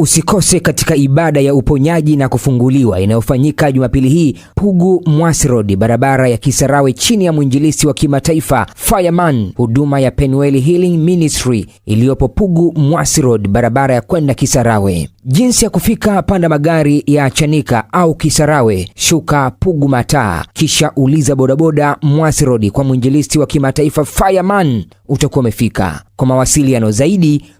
Usikose katika ibada ya uponyaji na kufunguliwa inayofanyika Jumapili hii Pugu Mwasi Road, barabara ya Kisarawe, chini ya mwinjilisi wa kimataifa Fireman, huduma ya Penuel Healing Ministry iliyopo Pugu Mwasi Road, barabara ya kwenda Kisarawe. Jinsi ya kufika: panda magari ya Chanika au Kisarawe, shuka Pugu Mataa, kisha uliza bodaboda Mwasi Road kwa mwinjilisi wa kimataifa Fireman, utakuwa umefika. Kwa mawasiliano zaidi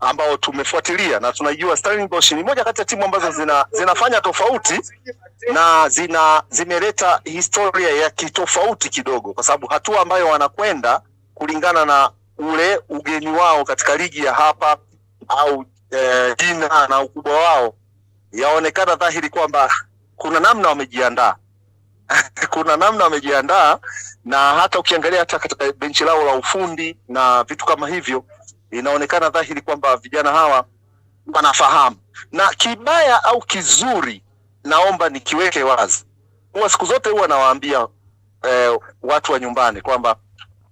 ambao tumefuatilia na tunajua Sterling Bosch ni moja kati ya timu ambazo zina, zinafanya tofauti na zina zimeleta historia ya kitofauti kidogo, kwa sababu hatua ambayo wanakwenda kulingana na ule ugeni wao katika ligi ya hapa au e, jina na ukubwa wao, yaonekana dhahiri kwamba kuna namna wamejiandaa kuna namna wamejiandaa, na hata ukiangalia hata katika benchi lao la ufundi na vitu kama hivyo inaonekana dhahiri kwamba vijana hawa wanafahamu, na kibaya au kizuri, naomba nikiweke wazi, huwa siku zote huwa nawaambia eh, watu wa nyumbani kwamba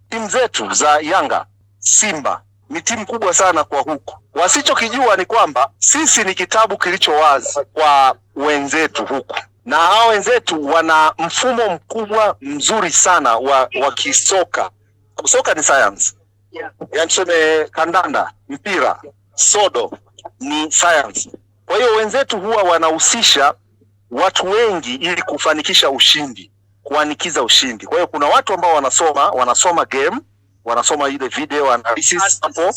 timu zetu za Yanga, Simba ni timu kubwa sana kwa huku. Wasichokijua ni kwamba sisi ni kitabu kilicho wazi kwa wenzetu huku, na hao wenzetu wana mfumo mkubwa mzuri sana wa, wa kisoka. Soka ni sayansi yani tuseme kandanda, mpira, sodo ni science. Kwa hiyo wenzetu huwa wanahusisha watu wengi ili kufanikisha ushindi, kuanikiza ushindi. Kwa hiyo kuna watu ambao wanasoma wanasoma game, wanasoma ile video analysis hapo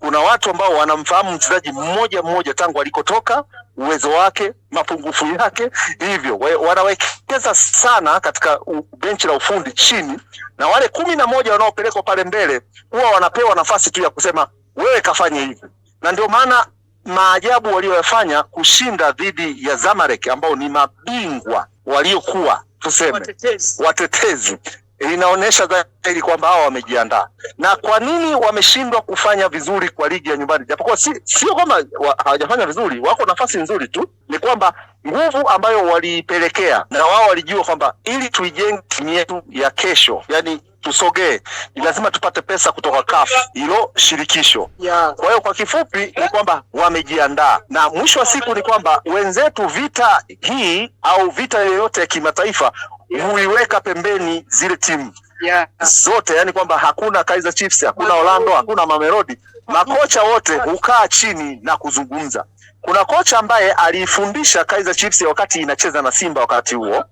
kuna watu ambao wanamfahamu mchezaji mmoja mmoja tangu alikotoka, uwezo wake, mapungufu yake, hivyo wanawekeza sana katika benchi la ufundi chini, na wale kumi na moja wanaopelekwa pale mbele huwa wanapewa nafasi tu ya kusema wewe kafanye hivi, na ndio maana maajabu walioyafanya kushinda dhidi ya Zamalek ambao ni mabingwa waliokuwa tuseme watetezi, watetezi inaonyesha dhahiri kwamba hawa wamejiandaa. Na kwa nini wameshindwa kufanya vizuri kwa ligi ya nyumbani? Japokuwa si, sio kwamba hawajafanya vizuri, wako nafasi nzuri tu, ni kwamba nguvu ambayo waliipelekea na wao walijua kwamba ili tuijenge timu yetu ya kesho, yani tusogee, ni lazima tupate pesa kutoka CAF, hilo shirikisho Kwa hiyo kwa kifupi ni kwamba wamejiandaa, na mwisho wa siku ni kwamba wenzetu, vita hii au vita yoyote ya kimataifa huiweka pembeni zile timu yeah, zote yani kwamba hakuna Kaizer Chiefs, hakuna Orlando, hakuna Mamelodi, makocha wote hukaa chini na kuzungumza. Kuna kocha ambaye aliifundisha Kaizer Chiefs wakati inacheza na Simba wakati huo,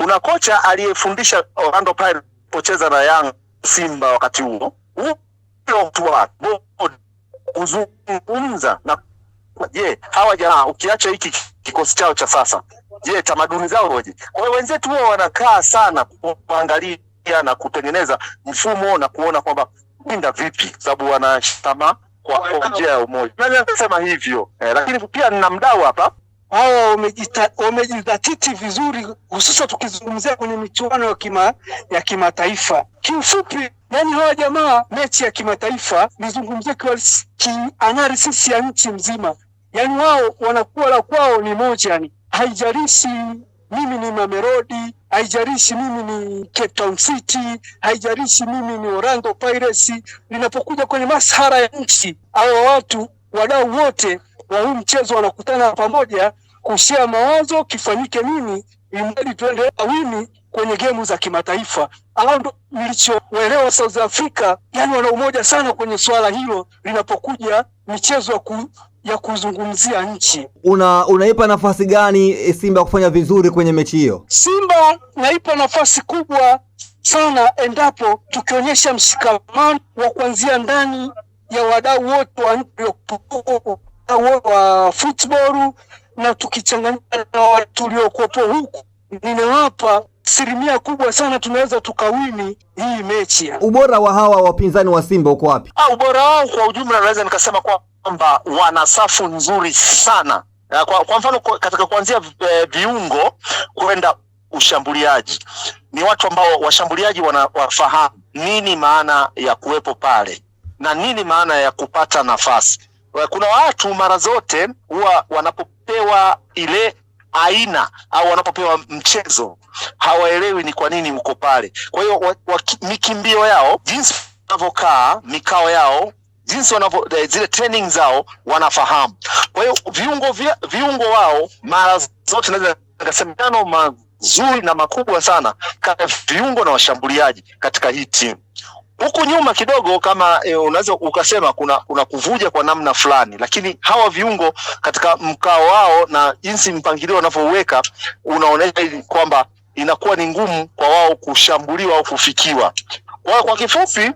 kuna kocha aliyefundisha Orlando Pirates pocheza na Young Simba wakati huo, kuzungumza na je, hawa jamaa ukiacha hiki kikosi chao cha sasa Je, tamaduni zaoje? Kwa hiyo wenzetu huwa wanakaa sana kuangalia na kutengeneza mfumo na kuona kwamba inda vipi, sababu wanashtama kwa njia ya umoja. Naweza hivyo eh, lakini pia nina mdau hapa hawa wamejitatiti vizuri, hususan tukizungumzia kwenye michuano ya kima, ya kimataifa. Kiufupi yani hawa jamaa, mechi ya kimataifa nizungumzie kwa ya nchi mzima, yani wao wanakuwa la kwao ni moja yani haijarishi mimi ni mamerodi haijarishi mimi ni Cape Town City, haijarishi mimi ni Orlando Pirates. Linapokuja kwenye masara ya nchi, hawa watu wadau wote wa huu mchezo wanakutana pamoja kushia mawazo, kifanyike nini ili tuende awini kwenye gemu za kimataifa. Hao ndo nilichoelewa South Africa, yani wana umoja sana kwenye swala hilo linapokuja michezo ya ya kuzungumzia nchi. Una, unaipa nafasi gani eh, Simba kufanya vizuri kwenye mechi hiyo? Simba naipa nafasi kubwa sana endapo tukionyesha mshikamano wa kuanzia ndani ya wadau wote wa football na tukichanganya na watu tuliokuwepo huku, ninawapa asilimia kubwa sana tunaweza tukawini hii mechi. Ubora wa hawa wapinzani wa Simba uko wapi? Ah, ubora wao kwa ujumla, naweza nikasema kwa kwamba wana safu nzuri sana kwa, kwa mfano katika kuanzia eh, viungo kwenda ushambuliaji ni watu ambao washambuliaji wanawafahamu nini maana ya kuwepo pale na nini maana ya kupata nafasi. Eh, kuna watu mara zote huwa wanapopewa ile aina au wanapopewa mchezo hawaelewi ni kwa nini uko pale. Kwa hiyo mikimbio yao, jinsi wanavyokaa, mikao yao jinsi wanavyo eh, zile training zao wanafahamu. Kwa hiyo viungo vya, viungo wao mara zote naweza nikasema mazuri na makubwa sana kati ya viungo na washambuliaji katika hii timu. Huku nyuma kidogo kama e, unaweza ukasema kuna, kuna kuvuja kwa namna fulani, lakini hawa viungo katika mkao wao na jinsi mpangilio wanavyoweka unaonyesha kwamba inakuwa ni ngumu kwa wao kushambuliwa au kufikiwa. Kwa, kwa kifupi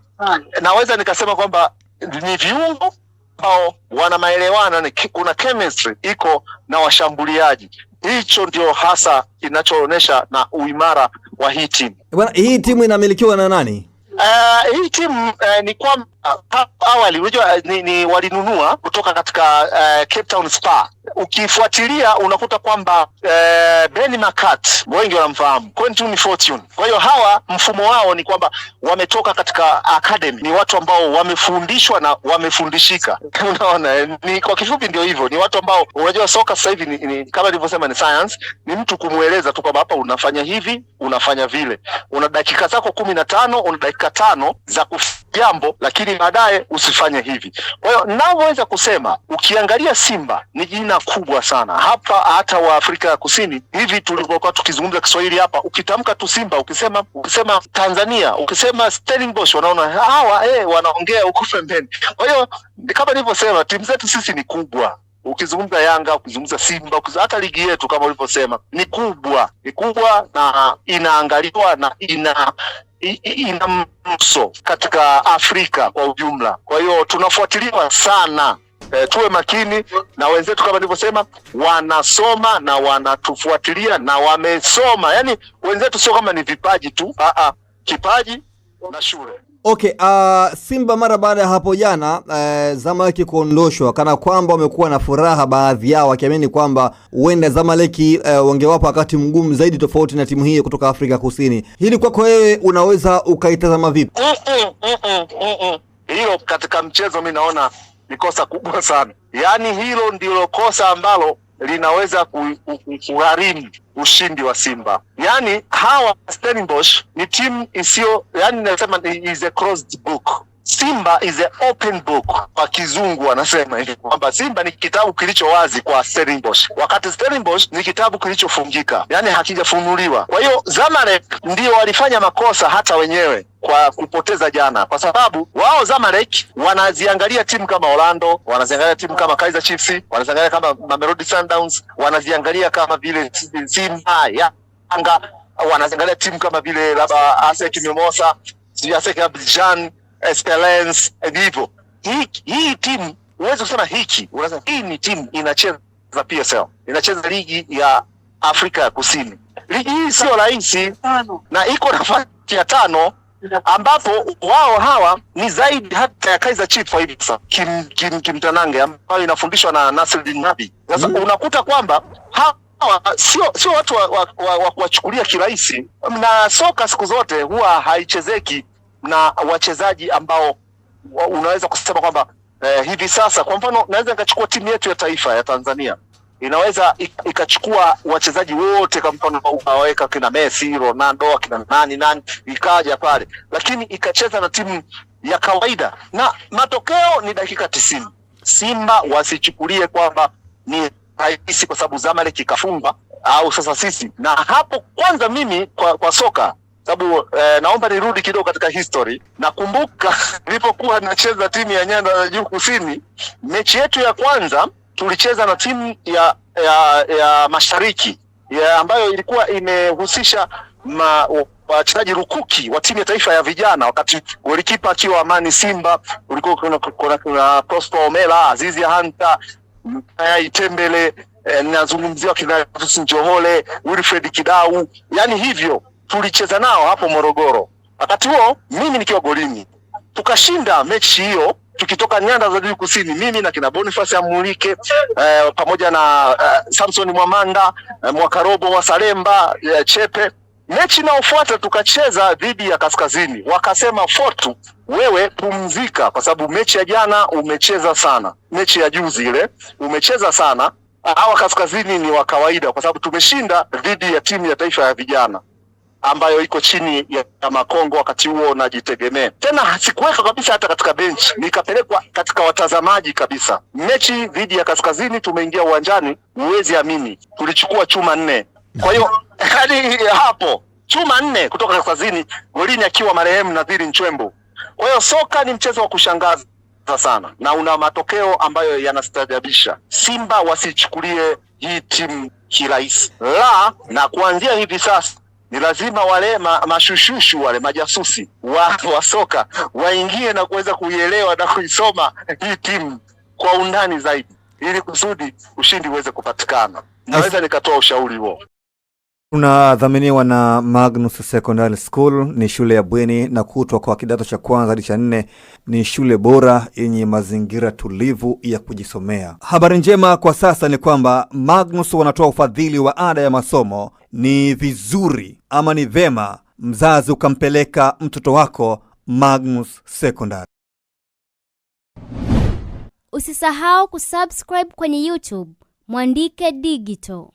naweza nikasema kwamba ni viungo ambao wana maelewana, kuna chemistry iko na washambuliaji. Hicho ndio hasa kinachoonyesha na uimara wa hii timu bwana. Hii timu inamilikiwa na nani? Uh, hii timu uh, eh, ni kwamba Ah, awali unajua eh, ni, ni walinunua kutoka katika uh, Cape Town Spa. Ukifuatilia unakuta kwamba uh, eh, Ben McCart wengi wanamfahamu Quentin Fortune. Kwa hiyo hawa mfumo wao ni kwamba wametoka katika academy, ni watu ambao wamefundishwa na wamefundishika unaona, ni kwa kifupi ndio hivyo, ni watu ambao unajua soka sasa hivi ni, ni, kama nilivyosema ni science, ni mtu kumweleza tu kwamba hapa unafanya hivi unafanya vile, una dakika zako kumi na tano una dakika tano za kufu jambo lakini baadaye usifanye hivi. Kwa hiyo naweza kusema, ukiangalia Simba ni jina kubwa sana hapa, hata wa Afrika ya Kusini hivi tulivyokuwa tukizungumza Kiswahili hapa, ukitamka tu Simba, ukisema ukisema Tanzania, ukisema Stellenbosch, wanaona hawa eh, wanaongea huko pembeni. Kwa hiyo kama nilivyosema, timu zetu sisi ni kubwa ukizungumza Yanga, ukizungumza Simba, hata ligi yetu kama ulivyosema ni kubwa, ni kubwa na inaangaliwa na ina ina mso katika Afrika kwa ujumla. Kwa hiyo tunafuatiliwa sana. E, tuwe makini na wenzetu, kama nilivyosema, wanasoma na wanatufuatilia na wamesoma. Yani wenzetu sio kama ni vipaji tu, a ah, a, ah. kipaji na shule. Okay, uh, Simba mara baada ya hapo jana uh, Zamaleki kuondoshwa kana kwamba wamekuwa na furaha baadhi yao wakiamini kwamba huenda Zamaleki uh, wangewapa wakati mgumu zaidi tofauti na timu hii kutoka Afrika Kusini. Hili kwako wewe unaweza ukaitazama vipi? mm -mm, mm -mm, mm -mm. Hilo katika mchezo mi naona ni kosa kubwa sana, yaani hilo ndilo kosa ambalo linaweza kugharimu ushindi wa Simba. Yani hawa Stellenbosch ni timu isiyo yani, nasema is a closed book. Simba is a open book kwa kizungu wanasema hivi kwamba Simba ni kitabu kilicho wazi kwa Stellenbosch, wakati Stellenbosch ni kitabu kilichofungika, yani hakijafunuliwa. Kwa hiyo Zamalek ndio walifanya makosa hata wenyewe kwa kupoteza jana, kwa sababu wao Zamalek wanaziangalia timu kama Orlando, wanaziangalia timu kama Kaizer Chiefs, wanaziangalia kama Mamelodi Sundowns, wanaziangalia kama vile Simba, Yanga, wanaziangalia timu kama vile labda ASEC Mimosas, ASEC Abidjan Esperance vivo. Hii hii timu huwezi kusema hiki, unasema hii ni timu inacheza PSL, inacheza ligi ya Afrika ya Kusini. Ligi hii sio rahisi, na iko nafasi ya tano ambapo wao hawa ni zaidi hata ya Kaizer Chiefs kwa hivi sasa kim, kim, kimtanange ambayo inafundishwa na Nasreddine Nabi. Sasa mm. unakuta kwamba hawa sio sio watu wa, wa, wa, wa kuwachukulia kirahisi, na soka siku zote huwa haichezeki na wachezaji ambao unaweza kusema kwamba eh, hivi sasa kwa mfano naweza nikachukua timu yetu ya taifa ya Tanzania inaweza ikachukua wachezaji wote, kwa mfano ukawaweka kina Messi, Ronaldo, akina nani nani, ikaja pale, lakini ikacheza na timu ya kawaida, na matokeo ni dakika tisini. Simba wasichukulie kwamba ni rahisi kwa sababu Zamalek ikafungwa au sasa sisi. Na hapo kwanza, mimi kwa, kwa soka sababu eh, naomba nirudi kidogo katika history. Nakumbuka nilipokuwa nacheza timu ya nyanda za juu kusini, mechi yetu ya kwanza tulicheza na timu ya, ya, ya mashariki ya ambayo ilikuwa imehusisha wachezaji rukuki wa timu ya taifa ya vijana, wakati golikipa akiwa Amani Simba, ulikuwa kuna, kuna, kuna Prosper Omela, Azizi Hunter, Maya Itembele, eh, nazungumzia kina Johole, Wilfred Kidau, yani hivyo tulicheza nao hapo Morogoro, wakati huo mimi nikiwa golini, tukashinda mechi hiyo tukitoka nyanda za juu kusini, mimi na kina Boniface Amulike eh, pamoja na eh, Samson Mwamanda eh, Mwakarobo wa Salemba eh, Chepe. Mechi inayofuata tukacheza dhidi ya Kaskazini, wakasema Fortu, wewe pumzika, kwa sababu mechi ya jana umecheza sana, mechi ya juzi ile umecheza sana. Hawa Kaskazini ni wa kawaida, kwa sababu tumeshinda dhidi ya timu ya taifa ya vijana ambayo iko chini ya Makongo wakati huo najitegemea tena, sikuweka kabisa hata katika benchi, nikapelekwa katika watazamaji kabisa. Mechi dhidi ya Kaskazini tumeingia uwanjani, huwezi amini, tulichukua chuma nne. Kwa hiyo hadi hapo chuma nne kutoka Kaskazini, golini akiwa marehemu Nadhiri Nchwembo. Kwa hiyo soka ni mchezo wa kushangaza sana na una matokeo ambayo yanastajabisha. Simba wasichukulie hii timu kirahisi la, na kuanzia hivi sasa ni lazima wale ma, mashushushu wale majasusi wa, wa soka waingie na kuweza kuielewa na kuisoma hii timu kwa undani zaidi, ili kusudi ushindi uweze kupatikana. Naweza nikatoa ushauri huo. tunadhaminiwa na Magnus Secondary School. Ni shule ya bweni na kutwa kwa kidato cha kwanza hadi cha nne. Ni shule bora yenye mazingira tulivu ya kujisomea. Habari njema kwa sasa ni kwamba Magnus wanatoa ufadhili wa ada ya masomo ni vizuri ama ni vema mzazi ukampeleka mtoto wako Magnus Secondary. Usisahau kusubscribe kwenye YouTube Mwandike Digital.